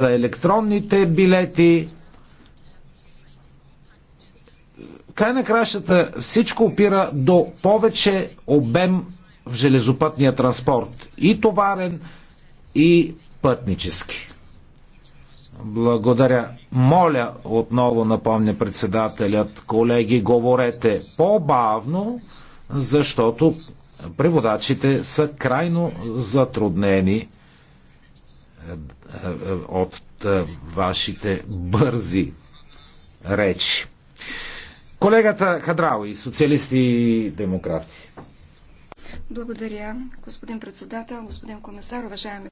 за електронните билети. Край на кращата всичко опира до повече обем в железопътния транспорт. И товарен, и пътнически. Благодаря. Моля, отново напомня председателят, колеги, говорете по-бавно, защото преводачите са крайно затруднени е, е, от е, вашите бързи речи. Колегата Хадрауи, социалисти и демократи. Благодаря, господин председател, господин комисар, уважаеми